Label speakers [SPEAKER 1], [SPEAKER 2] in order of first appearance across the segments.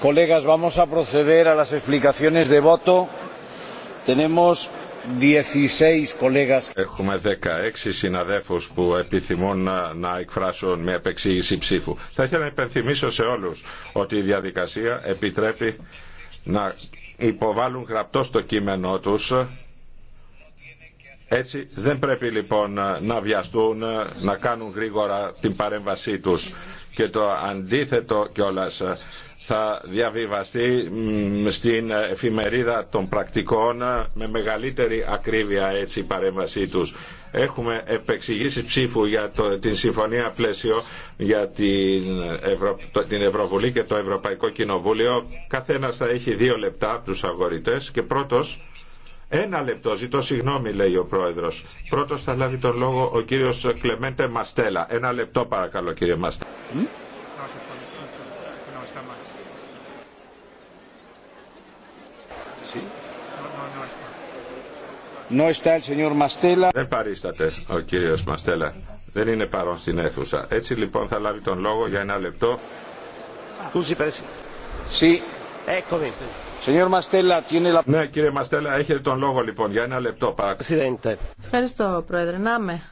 [SPEAKER 1] Colegas, vamos a proceder a las explicaciones de Έχουμε 16 συναδέφους που επιθυμούν να, εκφράσουν μια επεξήγηση ψήφου. Θα ήθελα να υπενθυμίσω σε όλους ότι η διαδικασία επιτρέπει να υποβάλουν γραπτό στο κείμενό τους έτσι δεν πρέπει λοιπόν να βιαστούν να κάνουν γρήγορα την παρέμβασή τους και το αντίθετο κιόλας ε, θα διαβιβαστεί στην εφημερίδα των πρακτικών ε, με μεγαλύτερη ακρίβεια έτσι η παρέμβασή τους. Έχουμε επεξηγήσει ψήφου για την συμφωνία πλαίσιο για την, την Ευρωβουλή και το Ευρωπαϊκό Κοινοβούλιο. Καθένας θα έχει δύο λεπτά από τους αγορητές και πρώτος ένα λεπτό, ζητώ συγγνώμη λέει ο πρόεδρο. Πρώτο θα λάβει τον λόγο ο κύριο Κλεμέντε Μαστέλα. Ένα λεπτό παρακαλώ κύριε Μαστέλα. Δεν παρίσταται ο κύριος Μαστέλα. Δεν είναι παρόν στην αίθουσα. Έτσι λοιπόν θα λάβει τον λόγο για ένα λεπτό. Ναι, κύριε Μαστέλα, έχετε τον λόγο λοιπόν για ένα λεπτό παρακαλώ.
[SPEAKER 2] Ευχαριστώ, Πρόεδρε. Να με.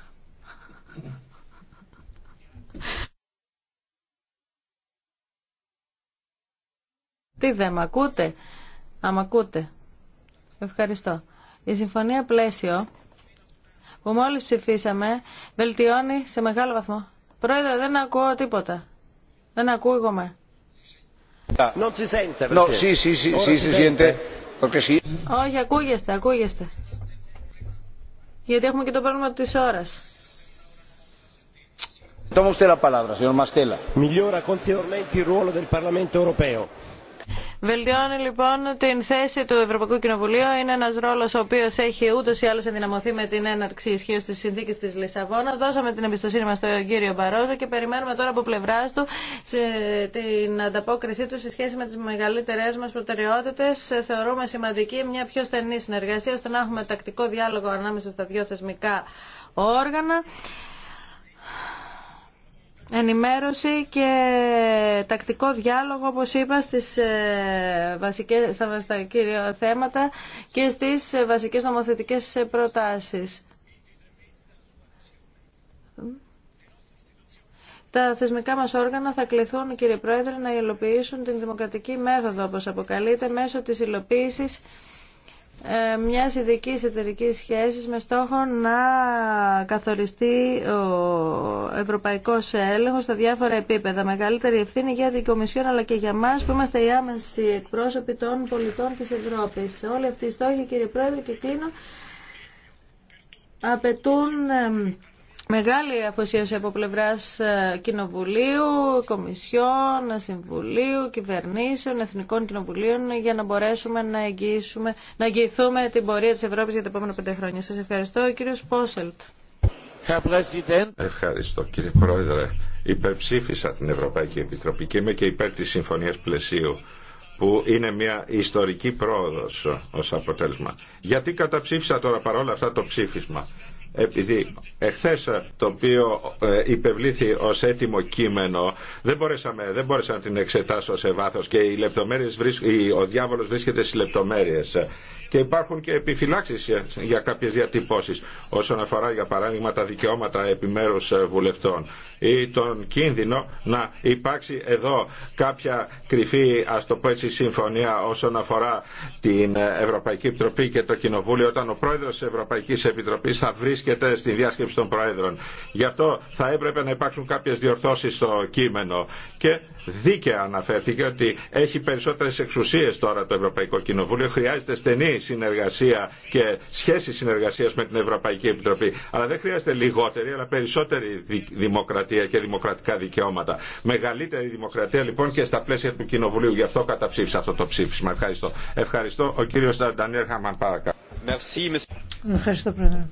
[SPEAKER 2] Τι δεν με ακούτε. Α, μ' ακούτε. Ευχαριστώ. Η συμφωνία πλαίσιο που μόλις ψηφίσαμε βελτιώνει σε μεγάλο βαθμό. Πρόεδρε, δεν ακούω τίποτα. Δεν ακούγομαι.
[SPEAKER 3] Όχι,
[SPEAKER 2] ακούγεστε, ακούγεστε. Γιατί έχουμε και το πρόβλημα της ώρας.
[SPEAKER 3] Toma usted la palabra, señor Mastella. Migliora considerevolmente il ruolo del Parlamento europeo
[SPEAKER 2] Βελτιώνει λοιπόν την θέση του Ευρωπαϊκού Κοινοβουλίου. Είναι ένα ρόλο ο οποίο έχει ούτω ή άλλω ενδυναμωθεί με την έναρξη ισχύω τη συνθήκη τη Λισαβόνα. Δώσαμε την εμπιστοσύνη μα στον κύριο Μπαρόζο και περιμένουμε τώρα από πλευρά του την ανταπόκρισή του σε σχέση με τι μεγαλύτερε μα προτεραιότητε. Θεωρούμε σημαντική μια πιο στενή συνεργασία ώστε να έχουμε τακτικό διάλογο ανάμεσα στα δύο θεσμικά όργανα ενημέρωση και τακτικό διάλογο, όπως είπα, στις ε, βασικές, στα, θέματα και στις βασικές νομοθετικές προτάσεις. Τα θεσμικά μας όργανα θα κληθούν, κύριε Πρόεδρε, να υλοποιήσουν την δημοκρατική μέθοδο, όπως αποκαλείται, μέσω της υλοποίησης ε, μια ειδική εταιρική σχέσης με στόχο να καθοριστεί ο ευρωπαϊκός έλεγχος στα διάφορα επίπεδα. Μεγαλύτερη ευθύνη για την Κομισιόν αλλά και για μας που είμαστε οι άμεσοι εκπρόσωποι των πολιτών της Ευρώπης. Όλοι αυτοί οι στόχοι κύριε Πρόεδρε και κλείνω απαιτούν ε, Μεγάλη αφοσίωση από πλευρά ε, Κοινοβουλίου, Κομισιών, Συμβουλίου, Κυβερνήσεων, Εθνικών Κοινοβουλίων για να μπορέσουμε να, να εγγυηθούμε την πορεία τη Ευρώπη για τα επόμενα πέντε χρόνια. Σα ευχαριστώ, κύριο Πόσελτ.
[SPEAKER 1] Ευχαριστώ κύριε Πρόεδρε. Υπερψήφισα την Ευρωπαϊκή Επιτροπή και είμαι και υπέρ της Συμφωνίας Πλαισίου που είναι μια ιστορική πρόοδος ως αποτέλεσμα. Γιατί καταψήφισα τώρα παρόλα αυτά το ψήφισμα επειδή εχθές το οποίο ε, υπευλήθη ως έτοιμο κείμενο δεν μπορέσαμε, δεν μπόρεσα να την εξετάσω σε βάθος και οι λεπτομέρειες, ο διάβολος βρίσκεται στις λεπτομέρειες και υπάρχουν και επιφυλάξεις για κάποιες διατυπώσεις όσον αφορά για παράδειγμα τα δικαιώματα επιμέρους ε, βουλευτών ή τον κίνδυνο να υπάρξει εδώ κάποια κρυφή ας το πω έτσι συμφωνία όσον αφορά την ε, Ευρωπαϊκή Επιτροπή και το Κοινοβούλιο όταν ο πρόεδρος της Ευρωπαϊκής Επιτροπής θα βρίσκεται στη διάσκεψη των πρόεδρων. Γι' αυτό θα έπρεπε να υπάρξουν κάποιες διορθώσεις στο κείμενο και δίκαια αναφέρθηκε ότι έχει περισσότερε εξουσίε τώρα το Ευρωπαϊκό Κοινοβούλιο. Χρειάζεται στενή συνεργασία και σχέση συνεργασία με την Ευρωπαϊκή Επιτροπή. Αλλά δεν χρειάζεται λιγότερη, αλλά περισσότερη δημοκρατία και δημοκρατικά δικαιώματα. Μεγαλύτερη δημοκρατία λοιπόν και στα πλαίσια του Κοινοβουλίου. Γι' αυτό καταψήφισα αυτό το ψήφισμα. Ευχαριστώ. Ευχαριστώ. Ο κύριο Ντανίερ Χαμαν, παρακαλώ.
[SPEAKER 4] Ευχαριστώ, Πρόεδρε.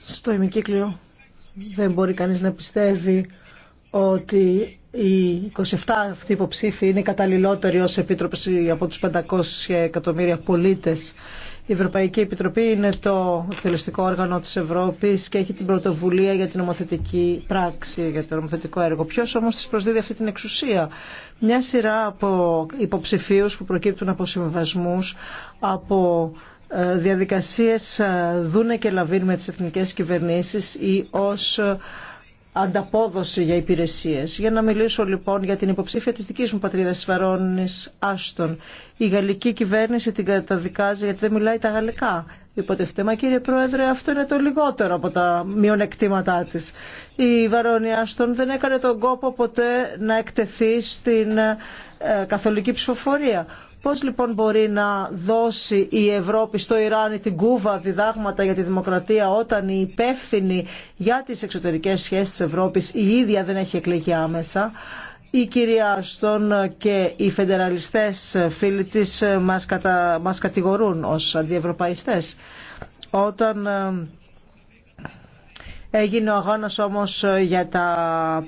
[SPEAKER 4] Στο ημικύκλιο δεν μπορεί κανείς να πιστεύει ότι οι 27 αυτοί υποψήφοι είναι καταλληλότεροι ως επίτροπη από τους 500 εκατομμύρια πολίτες. Η Ευρωπαϊκή Επιτροπή είναι το εκτελεστικό όργανο της Ευρώπης και έχει την πρωτοβουλία για την νομοθετική πράξη, για το νομοθετικό έργο. Ποιο όμως της προσδίδει αυτή την εξουσία. Μια σειρά από υποψηφίους που προκύπτουν από συμβασμούς, από ε, διαδικασίες ε, δούνε και λαβήν με τις εθνικές κυβερνήσεις ή ως ε, ανταπόδοση για υπηρεσίες. Για να μιλήσω λοιπόν για την υποψήφια της δική μου τη Βαρόνη Άστον. Η γαλλική κυβέρνηση την καταδικάζει γιατί δεν μιλάει τα γαλλικά. Υποτευτεί, μα κύριε Πρόεδρε, αυτό είναι το λιγότερο από τα μειονεκτήματά της. Η Βαρόνη Άστον δεν έκανε τον κόπο ποτέ να εκτεθεί στην ε, καθολική ψηφοφορία. Πώς λοιπόν μπορεί να δώσει η Ευρώπη στο Ιράν την Κούβα διδάγματα για τη δημοκρατία όταν η υπεύθυνη για τις εξωτερικές σχέσεις της Ευρώπης η ίδια δεν έχει εκλεγεί άμεσα. Η κυρία και οι φεντεραλιστές φίλοι της μας, μας κατηγορούν ως αντιευρωπαϊστές. Όταν ε, έγινε ο αγώνας όμως για τα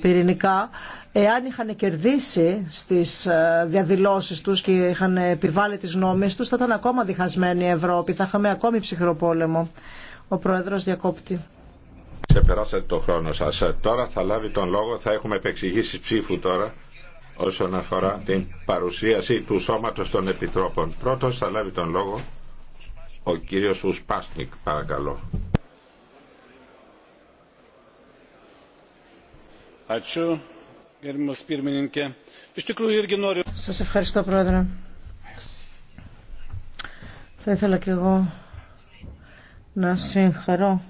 [SPEAKER 4] πυρηνικά εάν είχαν κερδίσει στις ε, διαδηλώσεις τους και είχαν επιβάλει τις νόμες τους, θα ήταν ακόμα διχασμένη η Ευρώπη, θα είχαμε ακόμη ψυχρό πόλεμο. Ο Πρόεδρος διακόπτη.
[SPEAKER 1] Ξεπεράσατε το χρόνο σας. Τώρα θα λάβει τον λόγο, θα έχουμε επεξηγήσει ψήφου τώρα όσον αφορά την παρουσίαση του Σώματος των Επιτρόπων. Πρώτος θα λάβει τον λόγο ο κύριος Ουσπάσνικ, παρακαλώ. Ατσού.
[SPEAKER 4] Σας ευχαριστώ πρόεδρε. Θα ήθελα και εγώ να συγχαρώ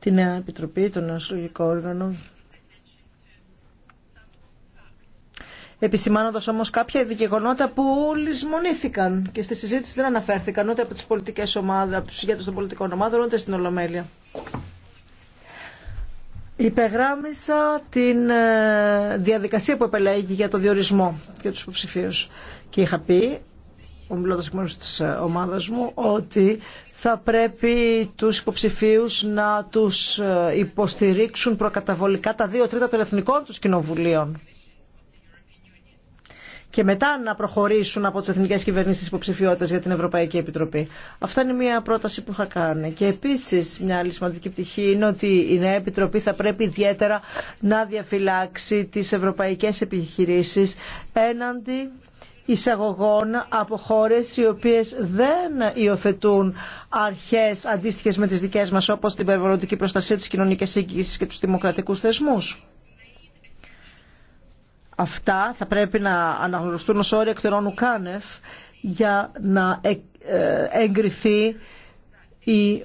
[SPEAKER 4] τη νέα Επιτροπή, τον Συλλογικό Όργανο. Επισημάνοντας όμως κάποια δικαιογονότα που λησμονήθηκαν και στη συζήτηση δεν αναφέρθηκαν ούτε από τις πολιτικές ομάδες, από τους ηγέτες των πολιτικών ομάδων, ούτε στην Ολομέλεια υπεγράμμισα την ε, διαδικασία που επελέγει για το διορισμό και τους υποψηφίους. Και είχα πει, ομιλώντας εκ μέρους της ε, ομάδας μου, ότι θα πρέπει τους υποψηφίους να τους ε, υποστηρίξουν προκαταβολικά τα δύο τρίτα των εθνικών τους κοινοβουλίων και μετά να προχωρήσουν από τι εθνικέ κυβερνήσει υποψηφιότητε για την Ευρωπαϊκή Επιτροπή. Αυτά είναι μια πρόταση που είχα κάνει. Και επίση μια άλλη σημαντική πτυχή είναι ότι η νέα Επιτροπή θα πρέπει ιδιαίτερα να διαφυλάξει τι ευρωπαϊκέ επιχειρήσει έναντι εισαγωγών από χώρες οι οποίες δεν υιοθετούν αρχές αντίστοιχες με τις δικές μας όπως την περιβαλλοντική προστασία της κοινωνικής εγγύηση και τους δημοκρατικούς θεσμού αυτά θα πρέπει να αναγνωριστούν ως όρια εκτερών ουκάνευ για να ε, ε, εγκριθεί η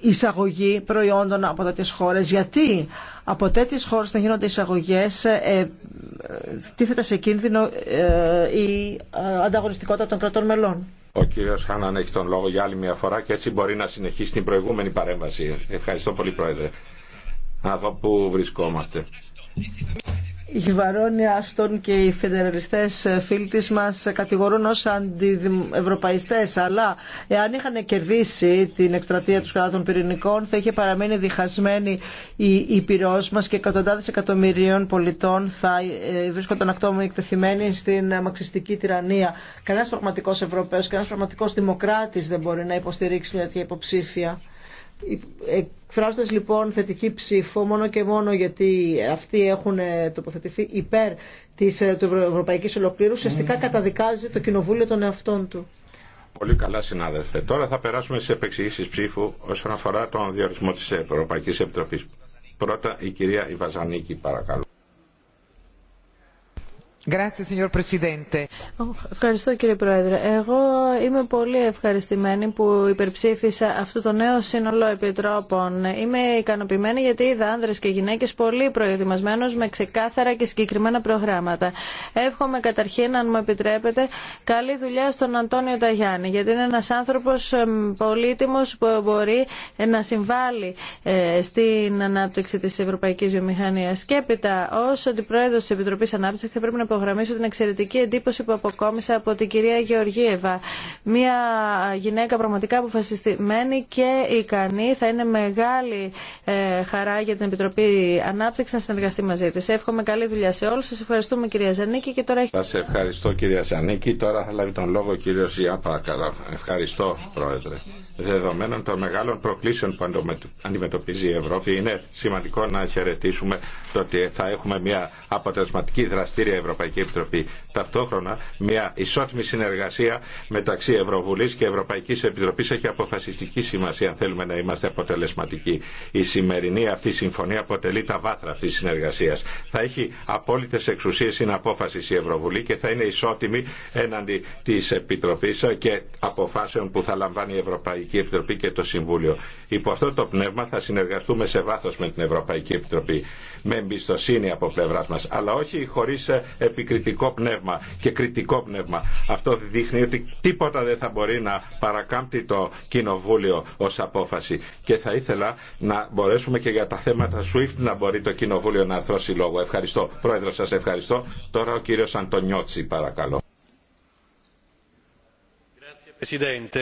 [SPEAKER 4] εισαγωγή προϊόντων από τέτοιες χώρες. Γιατί από τέτοιες χώρες θα γίνονται εισαγωγές ε, ε τίθεται σε κίνδυνο η ανταγωνιστικότητα των κρατών μελών.
[SPEAKER 1] Ο κύριος Χάναν έχει τον λόγο για άλλη μια φορά και έτσι μπορεί να συνεχίσει την προηγούμενη παρέμβαση. Ευχαριστώ πολύ Πρόεδρε. Να πού βρισκόμαστε.
[SPEAKER 4] Η Βαρόνη Άστον και οι φεντεραλιστές ε, φίλοι της μας ε, κατηγορούν ως αντιευρωπαϊστές, αλλά εάν είχαν κερδίσει την εκστρατεία τους κατά πυρηνικών θα είχε παραμείνει διχασμένη η πυρός μας και εκατοντάδες εκατομμυρίων πολιτών θα ε, βρίσκονταν ακόμα εκτεθειμένοι στην μαξιστική τυραννία. Κανένας πραγματικός Ευρωπαίος, κανένας πραγματικός δημοκράτης δεν μπορεί να υποστηρίξει μια τέτοια υποψήφια. Εκφράζοντα λοιπόν θετική ψήφο μόνο και μόνο γιατί αυτοί έχουν ε, τοποθετηθεί υπέρ της ε, ευρωπαϊκής ολοκλήρου, ουσιαστικά mm. καταδικάζει το κοινοβούλιο των εαυτών του.
[SPEAKER 1] Πολύ καλά συνάδελφε. Τώρα θα περάσουμε στις επεξηγήσεις ψήφου όσον αφορά τον διορισμό της Ευρωπαϊκής Επιτροπής. Πρώτα η κυρία Ιβαζανίκη παρακαλώ.
[SPEAKER 2] Ευχαριστώ κύριε Πρόεδρε. Εγώ είμαι πολύ ευχαριστημένη που υπερψήφισα αυτό το νέο σύνολο επιτρόπων. Είμαι ικανοποιημένη γιατί είδα άνδρες και γυναίκες πολύ προετοιμασμένους με ξεκάθαρα και συγκεκριμένα προγράμματα. Εύχομαι καταρχήν, αν μου επιτρέπετε, καλή δουλειά στον Αντώνιο Ταγιάννη γιατί είναι ένας άνθρωπος πολύτιμος που μπορεί να συμβάλλει ε, στην ανάπτυξη της Ευρωπαϊκής Βιομηχανίας. Και έπειτα, ως Αντιπρόεδρος της Επιτροπής Ανάπτυξης θα πρέπει να υπογραμμίσω την εξαιρετική εντύπωση που αποκόμισα από την κυρία Γεωργίευα. Μια γυναίκα πραγματικά αποφασιστημένη και ικανή. Θα είναι μεγάλη ε, χαρά για την Επιτροπή Ανάπτυξη να συνεργαστεί μαζί τη. Εύχομαι καλή δουλειά σε όλου. Σα ευχαριστούμε κυρία Ζανίκη. Και τώρα...
[SPEAKER 1] Σα ευχαριστώ κυρία Ζανίκη. Τώρα θα λάβει τον λόγο ο κύριο Ζιά, Ευχαριστώ, Πρόεδρε. Δεδομένων των μεγάλων προκλήσεων που αντιμετωπίζει η Ευρώπη, είναι σημαντικό να χαιρετήσουμε το ότι θα έχουμε μια αποτελεσματική δραστήρια Ευρωπαϊκή. Ευρωπαϊκή Επιτροπή. Ταυτόχρονα, μια ισότιμη συνεργασία μεταξύ Ευρωβουλή και Ευρωπαϊκή Επιτροπή έχει αποφασιστική σημασία αν θέλουμε να είμαστε αποτελεσματικοί. Η σημερινή αυτή συμφωνία αποτελεί τα βάθρα αυτή τη συνεργασία. Θα έχει απόλυτε εξουσίε απόφαση η Ευρωβουλή και θα είναι ισότιμη έναντι τη Επιτροπή και αποφάσεων που θα λαμβάνει η Ευρωπαϊκή Επιτροπή και το Συμβούλιο. Υπό αυτό το πνεύμα θα συνεργαστούμε σε βάθο με την Ευρωπαϊκή Επιτροπή. Με εμπιστοσύνη από πλευρά μα, αλλά όχι χωρί επικριτικό πνεύμα και κριτικό πνεύμα. Αυτό δείχνει ότι τίποτα δεν θα μπορεί να παρακάμπτει το Κοινοβούλιο ως απόφαση. Και θα ήθελα να μπορέσουμε και για τα θέματα SWIFT να μπορεί το Κοινοβούλιο να αρθρώσει λόγο. Ευχαριστώ. Πρόεδρο, σας ευχαριστώ. Τώρα ο κύριος Αντωνιώτση, παρακαλώ. Presidente,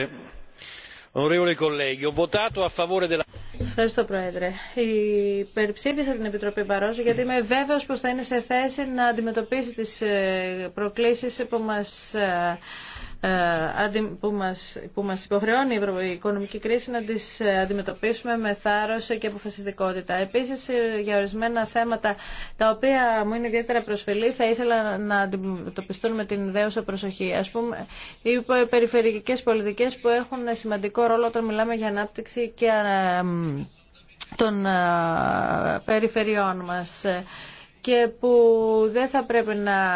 [SPEAKER 3] colleghi, ho votato a favore della
[SPEAKER 2] Ευχαριστώ, Πρόεδρε. Η Υπερψήφισα την Επιτροπή Παρόζου γιατί είμαι βέβαιος πως θα είναι σε θέση να αντιμετωπίσει τις ε, προκλήσεις που μας ε, ε, που μας, που μας υποχρεώνει η οικονομική κρίση να τις ε, αντιμετωπίσουμε με θάρρος και αποφασιστικότητα. Επίσης, ε, για ορισμένα θέματα τα οποία μου είναι ιδιαίτερα προσφυλή, θα ήθελα να αντιμετωπιστούν με την δέουσα προσοχή. Ας πούμε, οι περιφερειακές πολιτικές που έχουν σημαντικό ρόλο όταν μιλάμε για ανάπτυξη και των περιφερειών μας και που δεν θα πρέπει να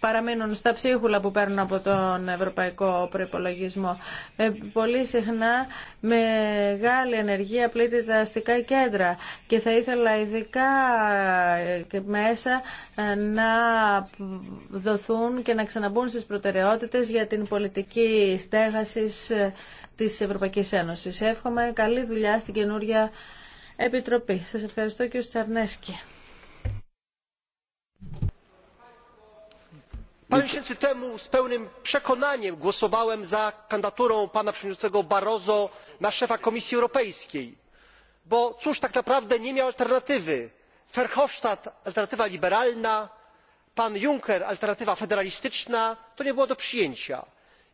[SPEAKER 2] παραμένουν στα ψίχουλα που παίρνουν από τον ευρωπαϊκό προϋπολογισμό. Ε, πολύ συχνά μεγάλη ενεργία πλήττει τα αστικά κέντρα και θα ήθελα ειδικά ε, μέσα ε, να δοθούν και να ξαναμπούν στις προτεραιότητες για την πολιτική στέγασης της Ευρωπαϊκής Ένωσης. Εύχομαι καλή δουλειά στην καινούρια Επιτροπή. Σας ευχαριστώ και ο
[SPEAKER 3] parę miesięcy temu z pełnym przekonaniem głosowałem za kandydaturą pana przewodniczącego barroso na szefa komisji europejskiej bo cóż tak naprawdę nie miał alternatywy verhofstadt alternatywa liberalna pan juncker alternatywa federalistyczna to nie było do przyjęcia.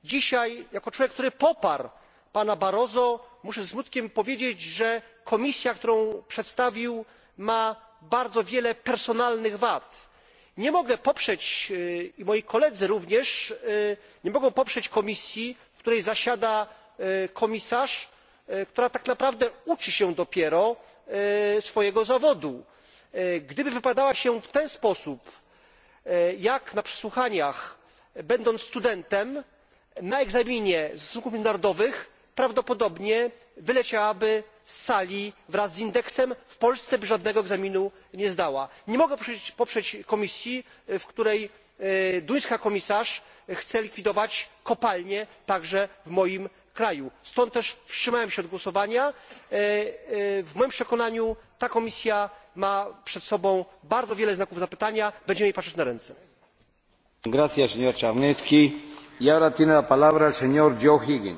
[SPEAKER 3] dzisiaj jako człowiek który poparł pana barroso muszę ze smutkiem powiedzieć że komisja którą przedstawił ma bardzo wiele personalnych wad nie mogę poprzeć i moi koledzy również nie mogą poprzeć komisji w której zasiada komisarz która tak naprawdę uczy się dopiero swojego zawodu. gdyby wypowiadała się w ten sposób jak na przesłuchaniach będąc studentem na egzaminie ze stosunków międzynarodowych prawdopodobnie wyleciałaby z sali wraz z indeksem w polsce by żadnego egzaminu nie zdała. nie mogę poprzeć komisji w której duńska komisarz chce likwidować kopalnie także w moim kraju stąd też wstrzymałem się od głosowania. w moim przekonaniu ta komisja ma przed sobą bardzo wiele znaków zapytania będziemy jej patrzeć na ręce.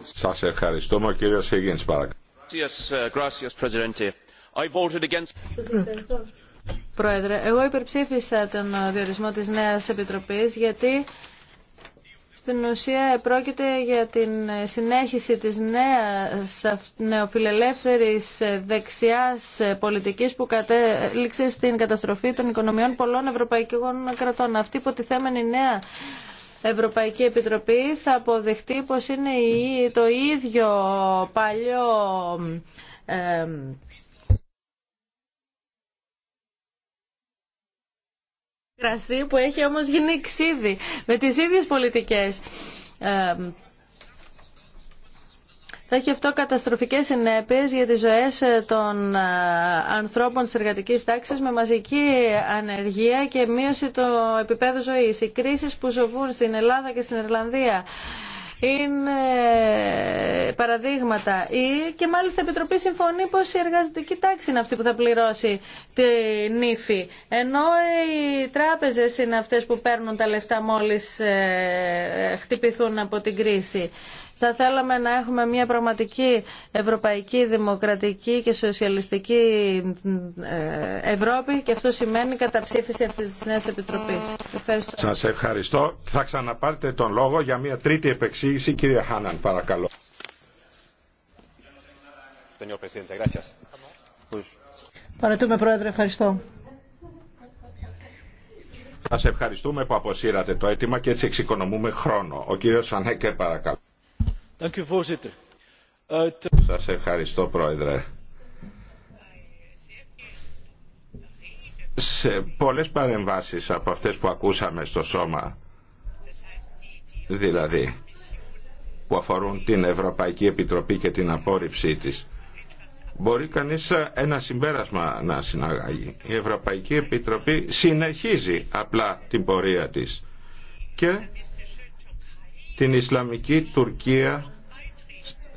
[SPEAKER 1] Σας ευχαριστούμε, κύριος Higgins, παρακαλώ.
[SPEAKER 3] Eh,
[SPEAKER 2] Πρόεδρε, εγώ υπερψήφισα τον διορισμό της νέας επιτροπής γιατί στην ουσία πρόκειται για την συνέχιση της νέας νεοφιλελεύθερης δεξιάς πολιτικής που κατέληξε στην καταστροφή των οικονομιών πολλών ευρωπαϊκών κρατών. Αυτή υποτιθέμενη νέα Ευρωπαϊκή Επιτροπή θα αποδεχτεί πως είναι το ίδιο παλιό κρασί που έχει όμως γίνει ξύδι με τις ίδιες πολιτικές θα έχει αυτό καταστροφικές συνέπειε για τις ζωές ε, των ε, ανθρώπων τη εργατική τάξη με μαζική ανεργία και μείωση του επίπεδου ζωής. Οι κρίσει που ζοβούν στην Ελλάδα και στην Ιρλανδία είναι ε, παραδείγματα ή και μάλιστα η Επιτροπή συμφωνεί πως η εργατική τάξη είναι αυτή που θα πληρώσει την ύφη ενώ οι τράπεζε είναι αυτέ που παίρνουν τα λεφτά μόλι χτυπηθούν από την κρίση θα θέλαμε να έχουμε μια πραγματική ευρωπαϊκή, δημοκρατική και σοσιαλιστική ε, Ευρώπη και αυτό σημαίνει καταψήφιση αυτής της νέας Επιτροπής. Ευχαριστώ.
[SPEAKER 1] Σας ευχαριστώ. Θα ξαναπάρτε τον λόγο για μια τρίτη επεξήγηση. Κύριε Χάναν, παρακαλώ.
[SPEAKER 4] Παρατούμε, Πρόεδρε. Ευχαριστώ.
[SPEAKER 1] Σας ευχαριστούμε που αποσύρατε το αίτημα και έτσι εξοικονομούμε χρόνο. Ο κύριος Σανέκερ, παρακαλώ.
[SPEAKER 3] Eh,
[SPEAKER 1] Σας ευχαριστώ πρόεδρε. Σε πολλές παρεμβάσεις από αυτές που ακούσαμε στο σώμα, δηλαδή που αφορούν την Ευρωπαϊκή Επιτροπή και την απόρριψή της, μπορεί κανείς ε, ένα συμπέρασμα να συναγάγει. Η Ευρωπαϊκή Επιτροπή συνεχίζει απλά την πορεία της και την Ισλαμική Τουρκία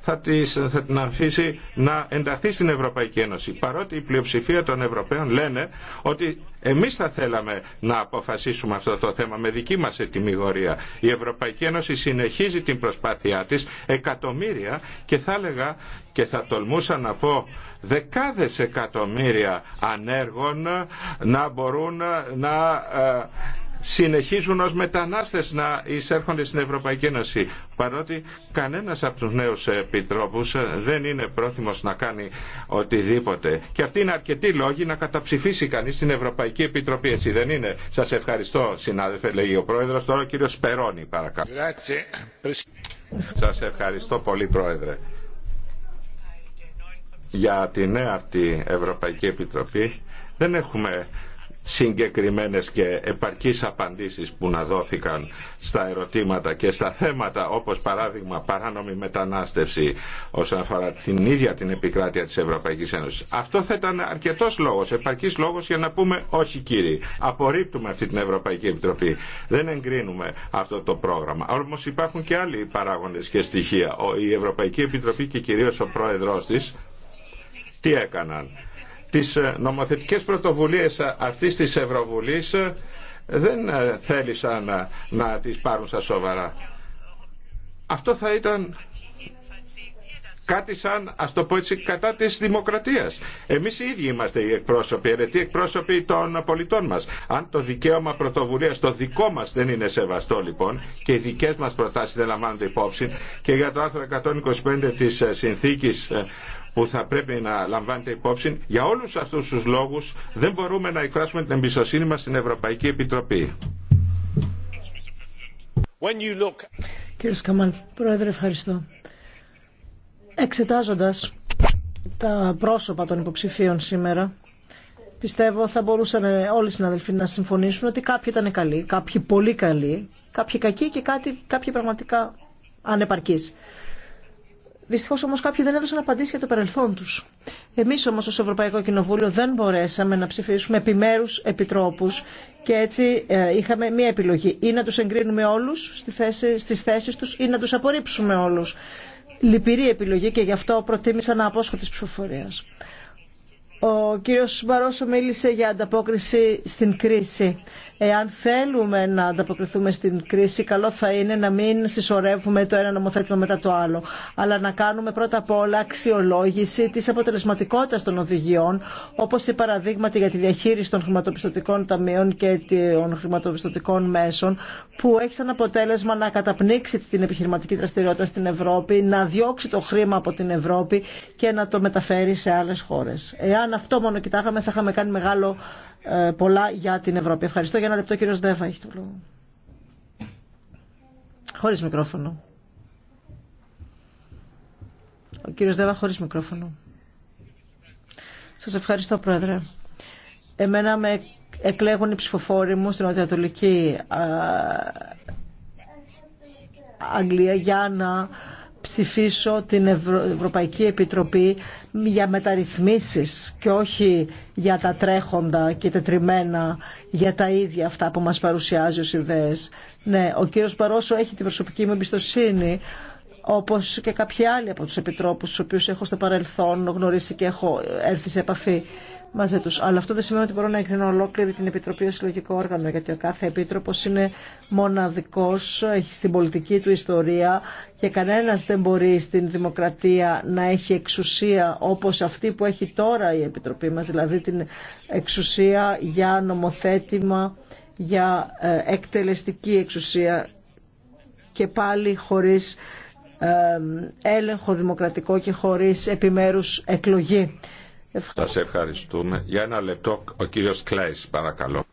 [SPEAKER 1] θα, τις, θα την αφήσει να ενταχθεί στην Ευρωπαϊκή Ένωση. Παρότι η πλειοψηφία των Ευρωπαίων λένε ότι εμείς θα θέλαμε να αποφασίσουμε αυτό το θέμα με δική μας ετοιμιγορία. Η Ευρωπαϊκή Ένωση συνεχίζει την προσπάθειά της εκατομμύρια και θα έλεγα και θα τολμούσα να πω δεκάδες εκατομμύρια ανέργων να μπορούν να ε, συνεχίζουν ως μετανάστες να εισέρχονται στην Ευρωπαϊκή Ένωση παρότι κανένας από τους νέους επιτρόπους δεν είναι πρόθυμος να κάνει οτιδήποτε. Και αυτοί είναι αρκετοί λόγοι να καταψηφίσει κανείς την Ευρωπαϊκή Επιτροπή. Έτσι δεν είναι. Σας ευχαριστώ συνάδελφε λέγει ο Πρόεδρος. Τώρα ο κύριος Σπερώνη παρακαλώ. Σας ευχαριστώ πολύ Πρόεδρε. Για τη νέα αυτή Ευρωπαϊκή Επιτροπή δεν έχουμε συγκεκριμένες και επαρκείς απαντήσεις που να δόθηκαν στα ερωτήματα και στα θέματα όπως παράδειγμα παράνομη μετανάστευση όσον αφορά την ίδια την επικράτεια της Ευρωπαϊκής Ένωσης. Αυτό θα ήταν αρκετός λόγος, επαρκής λόγος για να πούμε όχι κύριοι, απορρίπτουμε αυτή την Ευρωπαϊκή Επιτροπή, δεν εγκρίνουμε αυτό το πρόγραμμα. Όμω υπάρχουν και άλλοι παράγοντες και στοιχεία. Η Ευρωπαϊκή Επιτροπή και κυρίως ο πρόεδρός της τι έκαναν τις ε, νομοθετικές πρωτοβουλίες αυτής της Ευρωβουλής ε, δεν ε, θέλησαν να, να τις πάρουν στα σοβαρά. Αυτό θα ήταν κάτι σαν, ας το πω έτσι, κατά της δημοκρατίας. Εμείς οι ίδιοι είμαστε οι εκπρόσωποι, αιρετοί εκπρόσωποι των πολιτών μας. Αν το δικαίωμα πρωτοβουλίας το δικό μας δεν είναι σεβαστό λοιπόν και οι δικές μας προτάσεις δεν λαμβάνονται υπόψη και για το άρθρο 125 της συνθήκης που θα πρέπει να λαμβάνετε υπόψη. Για όλους αυτούς τους λόγους δεν μπορούμε να εκφράσουμε την εμπιστοσύνη μα στην Ευρωπαϊκή Επιτροπή.
[SPEAKER 4] Κύριε Σκαμάν, Πρόεδρε, ευχαριστώ. Εξετάζοντας τα πρόσωπα των υποψηφίων σήμερα, πιστεύω θα μπορούσαν όλοι οι συναδελφοί να συμφωνήσουν ότι κάποιοι ήταν καλοί, κάποιοι πολύ καλοί, κάποιοι κακοί και κάποιοι πραγματικά ανεπαρκείς. Δυστυχώ όμως κάποιοι δεν έδωσαν απαντήσει για το παρελθόν τους. Εμείς όμως ως Ευρωπαϊκό Κοινοβούλιο δεν μπορέσαμε να ψηφίσουμε επιμέρους επιτρόπους και έτσι ε, είχαμε μία επιλογή. Ή να τους εγκρίνουμε όλους στι θέση, στις θέσεις τους ή να τους απορρίψουμε όλους. Λυπηρή επιλογή και γι' αυτό προτίμησα να απόσχω τη ψηφοφορία. Ο κύριος Μπαρόσο μίλησε για ανταπόκριση στην κρίση. Εάν θέλουμε να ανταποκριθούμε στην κρίση, καλό θα είναι να μην συσσωρεύουμε το ένα νομοθέτημα μετά το άλλο, αλλά να κάνουμε πρώτα απ' όλα αξιολόγηση τη αποτελεσματικότητα των οδηγιών, όπω οι παραδείγματα για τη διαχείριση των χρηματοπιστωτικών ταμείων και των χρηματοπιστωτικών μέσων, που έχει σαν αποτέλεσμα να καταπνίξει την επιχειρηματική δραστηριότητα στην Ευρώπη, να διώξει το χρήμα από την Ευρώπη και να το μεταφέρει σε άλλε χώρε. Εάν αυτό μόνο κοιτάγαμε, θα είχαμε κάνει μεγάλο ε, πολλά για την Ευρώπη. Ευχαριστώ για ένα λεπτό κύριος Δέβα έχει το λόγο. Χωρίς μικρόφωνο. Ο κύριος Δέβα χωρίς μικρόφωνο. Σας ευχαριστώ πρόεδρε. Εμένα με εκλέγουν οι ψηφοφόροι μου στην Νοτιοανατολική Αγγλία για να ψηφίσω την Ευρωπαϊκή Επιτροπή για μεταρρυθμίσεις και όχι για τα τρέχοντα και τετριμένα, για τα ίδια αυτά που μας παρουσιάζει ως ιδέες. Ναι, ο κύριος Παρόσο έχει την προσωπική μου εμπιστοσύνη, όπως και κάποιοι άλλοι από τους επιτρόπους, τους οποίους έχω στο παρελθόν γνωρίσει και έχω έρθει σε επαφή μαζί Αλλά αυτό δεν σημαίνει ότι μπορώ να εγκρίνω ολόκληρη την Επιτροπή ω συλλογικό όργανο, γιατί ο κάθε επίτροπο είναι μοναδικός, έχει στην πολιτική του ιστορία και κανένας δεν μπορεί στην δημοκρατία να έχει εξουσία όπως αυτή που έχει τώρα η Επιτροπή μας, δηλαδή την εξουσία για νομοθέτημα, για ε, εκτελεστική εξουσία και πάλι χωρίς ε, έλεγχο δημοκρατικό και χωρίς επιμέρους εκλογή.
[SPEAKER 1] Ευχαριστώ. Σας ευχαριστούμε. Για ένα λεπτό ο κύριος Κλάις, παρακαλώ.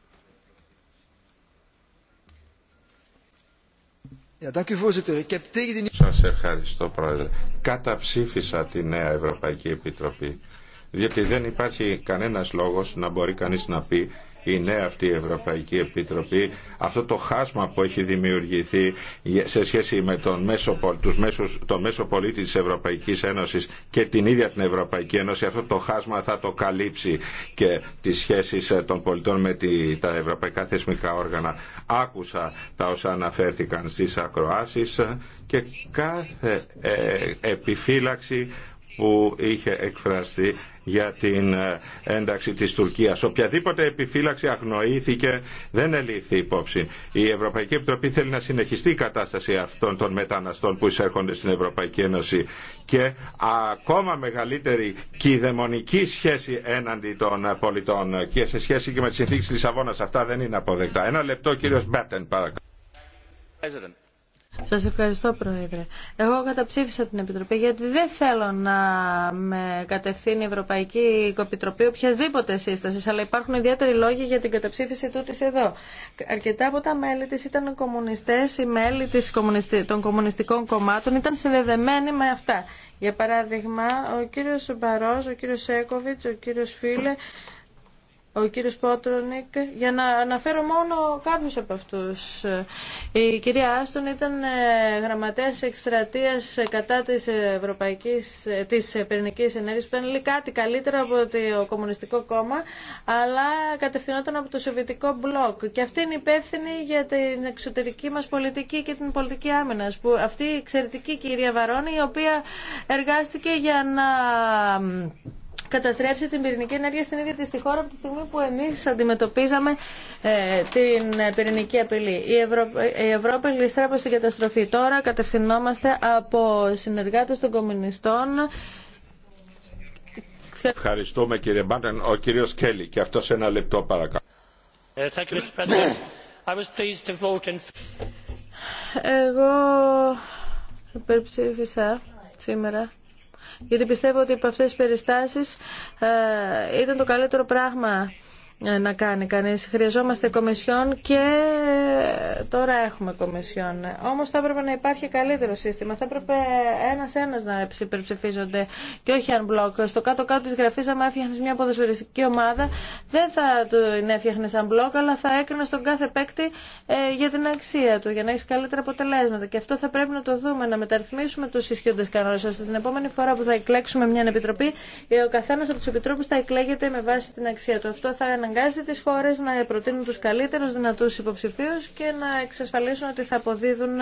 [SPEAKER 1] Σας ευχαριστώ πρόεδρε. Καταψήφισα τη νέα Ευρωπαϊκή Επιτροπή διότι δεν υπάρχει κανένας λόγος να μπορεί κανείς να πει η νέα αυτή η Ευρωπαϊκή Επιτροπή αυτό το χάσμα που έχει δημιουργηθεί σε σχέση με τον μέσο, τους μέσους, το μέσο πολίτη της Ευρωπαϊκής Ένωσης και την ίδια την Ευρωπαϊκή Ένωση αυτό το χάσμα θα το καλύψει και τις σχέσεις ε, των πολιτών με τα ευρωπαϊκά θεσμικά όργανα. Άκουσα τα όσα αναφέρθηκαν στις ακροάσεις ε, και κάθε ε, επιφύλαξη που είχε εκφραστεί για την ε, ένταξη της Τουρκίας. Οποιαδήποτε επιφύλαξη αγνοήθηκε δεν ελήφθη υπόψη. Η Ευρωπαϊκή Επιτροπή θέλει να συνεχιστεί η κατάσταση αυτών των μεταναστών που εισέρχονται στην Ευρωπαϊκή Ένωση και ακόμα μεγαλύτερη κυδαιμονική σχέση έναντι των πολιτών και σε σχέση και με τις συνθήκες της Λισαβόνας. Αυτά δεν είναι αποδεκτά. Ένα λεπτό κύριος Μπέτεν παρακαλώ.
[SPEAKER 2] Σας ευχαριστώ Πρόεδρε. Εγώ καταψήφισα την Επιτροπή γιατί δεν θέλω να με κατευθύνει η Ευρωπαϊκή Επιτροπή οποιασδήποτε σύσταση, αλλά υπάρχουν ιδιαίτεροι λόγοι για την καταψήφιση τούτη εδώ. Αρκετά από τα μέλη της ήταν κομμουνιστές, οι μέλη της των κομμουνιστικών κομμάτων ήταν συνδεδεμένοι με αυτά. Για παράδειγμα, ο κύριος Μπαρός, ο κύριος Σέκοβιτς, ο κύριος Φίλε, ο κύριος Πότρονικ για να αναφέρω μόνο κάποιους από αυτούς. Η κυρία Άστον ήταν ε, γραμματέας εκστρατείας κατά της, ευρωπαϊκής, ε, της πυρηνικής ενέργειας που ήταν κάτι καλύτερα από το Κομμουνιστικό Κόμμα αλλά κατευθυνόταν από το Σοβιετικό Μπλοκ και αυτή είναι υπεύθυνη για την εξωτερική μας πολιτική και την πολιτική άμυνας που αυτή η εξαιρετική κυρία Βαρώνη η οποία εργάστηκε για να καταστρέψει την πυρηνική ενέργεια στην ίδια τη χώρα από τη στιγμή που εμείς αντιμετωπίζαμε ε, την ε, πυρηνική απειλή. Η, η Ευρώπη γλιστρά προ την καταστροφή. Τώρα κατευθυνόμαστε από συνεργάτες των κομμουνιστών
[SPEAKER 1] Ευχαριστούμε κύριε Μπάντεν. Ο κύριος Κέλλη και σε ένα λεπτό παρακαλώ.
[SPEAKER 3] Ε,
[SPEAKER 2] Εγώ υπερψήφισα σήμερα γιατί πιστεύω ότι από αυτές τις περιστάσεις ε, ήταν το καλύτερο πράγμα ε, να κάνει κανείς. Χρειαζόμαστε κομισιόν και τώρα έχουμε κομισιόν. Όμως θα έπρεπε να υπάρχει καλύτερο σύστημα. Θα έπρεπε ένας-ένας να υπερψηφίζονται και όχι αν μπλοκ. Στο κάτω-κάτω της γραφής, άμα έφτιαχνες μια ποδοσφαιριστική ομάδα, δεν θα του έφτιαχνες αν μπλοκ, αλλά θα έκρινε τον κάθε παίκτη ε, για την αξία του, για να έχει καλύτερα αποτελέσματα. Και αυτό θα πρέπει να το δούμε, να μεταρρυθμίσουμε τους ισχύοντες κανόνες, ώστε την επόμενη φορά που θα εκλέξουμε μια επιτροπή, ε, ο καθένας από του επιτρόπους θα εκλέγεται με βάση την αξία του. Αυτό θα αναγκάσει τις χώρες να προτείνουν τους καλύτερους δυνατούς υποψηφίους και να εξασφαλίσουν ότι θα αποδίδουν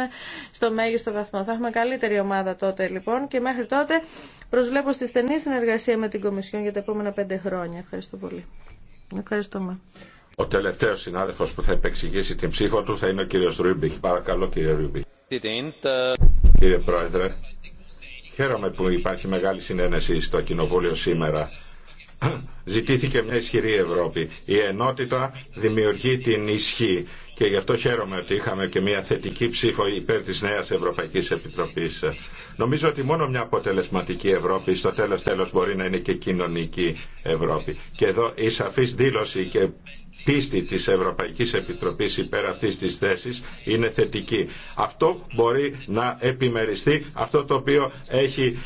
[SPEAKER 2] στο μέγιστο βαθμό. Θα έχουμε καλύτερη ομάδα τότε λοιπόν και μέχρι τότε προσβλέπω στη στενή συνεργασία με την Κομισιόν για τα επόμενα πέντε χρόνια. Ευχαριστώ πολύ. Ευχαριστούμε.
[SPEAKER 1] Ο τελευταίο συνάδελφος που θα επεξηγήσει την ψήφο του θα είναι ο κύριο Ρούμπιχ. Παρακαλώ κύριε Ρούμπιχ. Κύριε Πρόεδρε, χαίρομαι που υπάρχει μεγάλη συνένεση στο Κοινοβούλιο σήμερα ζητήθηκε μια ισχυρή Ευρώπη. Η ενότητα δημιουργεί την ισχύ και γι' αυτό χαίρομαι ότι είχαμε και μια θετική ψήφο υπέρ της νέας Ευρωπαϊκής Επιτροπής. Νομίζω ότι μόνο μια αποτελεσματική Ευρώπη στο τέλος τέλος μπορεί να είναι και κοινωνική Ευρώπη. Και εδώ η σαφής δήλωση και πίστη της Ευρωπαϊκής Επιτροπής υπέρ αυτής της θέσης είναι θετική. Αυτό μπορεί να επιμεριστεί αυτό το οποίο έχει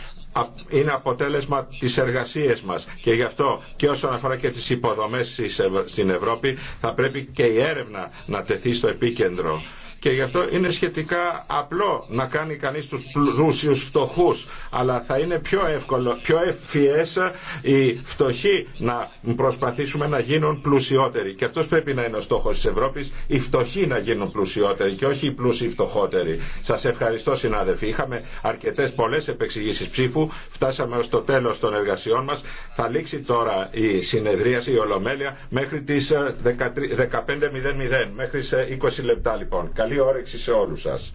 [SPEAKER 1] είναι αποτέλεσμα της εργασίας μας και γι' αυτό και όσον αφορά και τις υποδομές στην Ευρώπη θα πρέπει και η έρευνα να τεθεί στο επίκεντρο και γι' αυτό είναι σχετικά απλό να κάνει κανείς τους πλούσιους φτωχούς αλλά θα είναι πιο εύκολο, πιο ευφιέσα οι φτωχοί να προσπαθήσουμε να γίνουν πλουσιότεροι και αυτός πρέπει να είναι ο στόχος της Ευρώπης οι φτωχοί να γίνουν πλουσιότεροι και όχι οι πλούσιοι φτωχότεροι. Σας ευχαριστώ συνάδελφοι. Είχαμε αρκετές πολλές επεξηγήσεις ψήφου. Φτάσαμε ως το τέλος των εργασιών μας. Θα λήξει τώρα η συνεδρίαση, η ολομέλεια μέχρι τις 15.00 ε, μέχρι σε 20 λεπτά λοιπόν καλή όρεξη σε όλους σας.